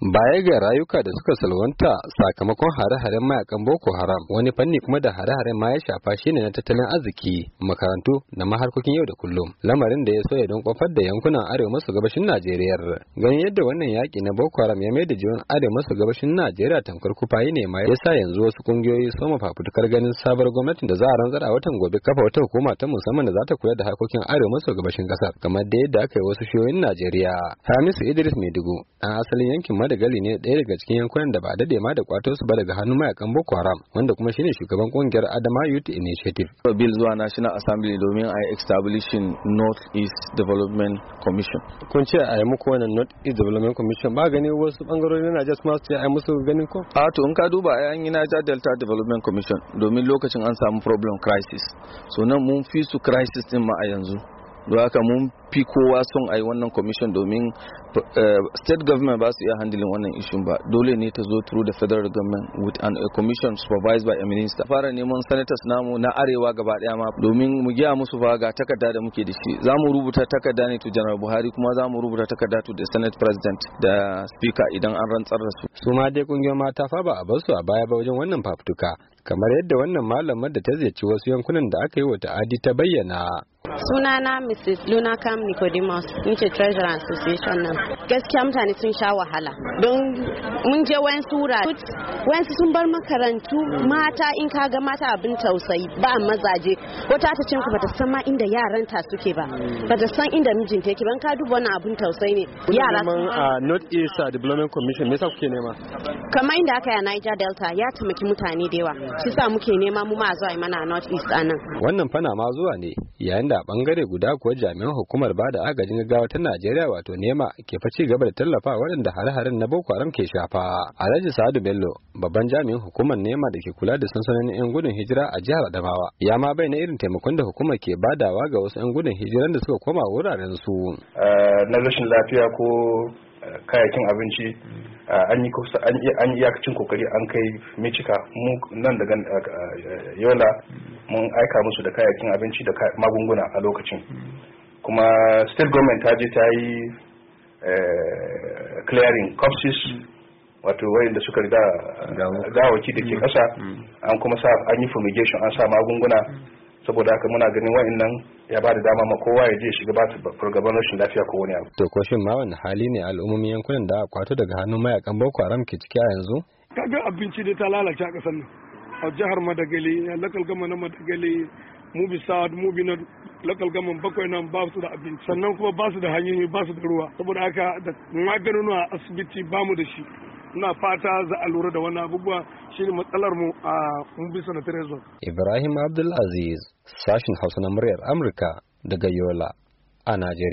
baya ga rayuka da suka salwanta sakamakon hare-haren mayakan boko haram wani fanni kuma da hare-haren ma ya shafa shine na tattalin arziki makarantu da maharkokin yau da kullum lamarin da ya so ya don kofar da yankunan arewa maso gabashin najeriya ganin yadda wannan yaki na boko haram ya mai da jiwon arewa maso gabashin najeriya tamkar kufayi ne ma ya sa yanzu wasu kungiyoyi soma fafutukar ganin sabar gwamnati da za a rantsar a watan gobe kafa wata hukuma ta musamman da za ta kula da harkokin arewa maso gabashin kasar kamar da yadda aka yi wasu shiyoyin najeriya hamisu idris maiduguri a asalin yankin gali ne ɗaya daga cikin yankunan da ba daɗe ma da kwato su ba daga hannun mayakan boko haram wanda kuma shine shugaban kungiyar adama youth initiative bill zuwa national assembly domin a establishing north east development commission kun ce a yi muku wannan north east development commission ba gani wasu bangarori na Niger ma su ce a yi musu ganin ko a to in ka duba a yi Niger delta development commission domin lokacin an samu problem crisis so nan mun fi su crisis din ma a yanzu da haka mun fi kowa son a yi wannan commission domin eh, state government ba su iya handling wannan ishin ba dole ne ta zo through the federal government with an, a commission supervised by a minister fara neman senators namu na arewa gaba daya ma domin mu gaya musu ba ga takarda da muke da shi zamu mu rubuta takarda ne to general buhari kuma zamu rubuta takarda to the senate president da speaker idan an rantsar da su su ma dai kungiyar mata fa ba a bar su a baya ba wajen wannan fafutuka kamar yadda wannan malamar da ta ziyarci wasu yankunan da aka yi wa ta'adi ta bayyana Sunana Mrs. Luna Cam Nicodemus, ce Treasurer Association nan. Gaskiya mutane sun sha wahala. Don mun je wayan sura, wayansu sun bar makarantu mata in ka ga mata abin tausayi ba mazaje. Wata ta ce ku bata san ma inda ta suke ba. Bata san inda mijinta yake ban ka duba wannan abin tausayi ne. Yara sun a ah, North East ah, Development Commission me yasa kuke nema? Kamar inda aka ya Niger Delta ya taimaki mutane da yawa. Shi sa muke nema mu ma zuwa mana North East anan. Wannan fana ma zuwa ne yayin da a bangare guda kuwa jami'an hukumar ba da agajin gaggawa ta Najeriya wato nema ke fa ci gaba da tallafa waɗanda hare-haren na Boko Haram ke shafa. Alhaji Sa'adu Bello babban jami'in hukumar nema da ke kula da sansanonin 'yan gudun hijira a jihar Adamawa ya ma bai na irin taimakon da hukumar ke badawa ga wasu 'yan gudun hijiran da suka koma wuraren su. Eh, na rashin lafiya ko eh, kayayyakin abinci eh, an yi an iyakacin kokari an kai micika mu nan daga yola mun aika musu da kayakin abinci da magunguna a lokacin kuma state government ta je ta yi eh, clearing corpses wato wayanda suka riga gawaki da ke kasa mm. mm. an kuma sa an yi fumigation an sa magunguna saboda haka muna ganin nan ya ba da dama ma kowa ya je shiga ba fargaban rashin lafiya ko wani abu. To ko shin ma wani hali ne al'ummomi yankunan da kwato daga hannun mayakan Boko Haram ke ciki a yanzu? Kaga abinci da ta lalace a kasar nan. a jihar madagali lakal gama na madagali mubi sa'ad mubi na lakal gama bakwai nan ba su da abinci sannan kuma ba su da hanyoyi ba su da ruwa saboda haka da maganin a asibiti ba mu da shi ina fata za a lura da wannan abubuwa shine matsalar mu a mubi sanatare zone ibrahim abdulaziz sashin hausa na muryar amurka daga yola a najeriya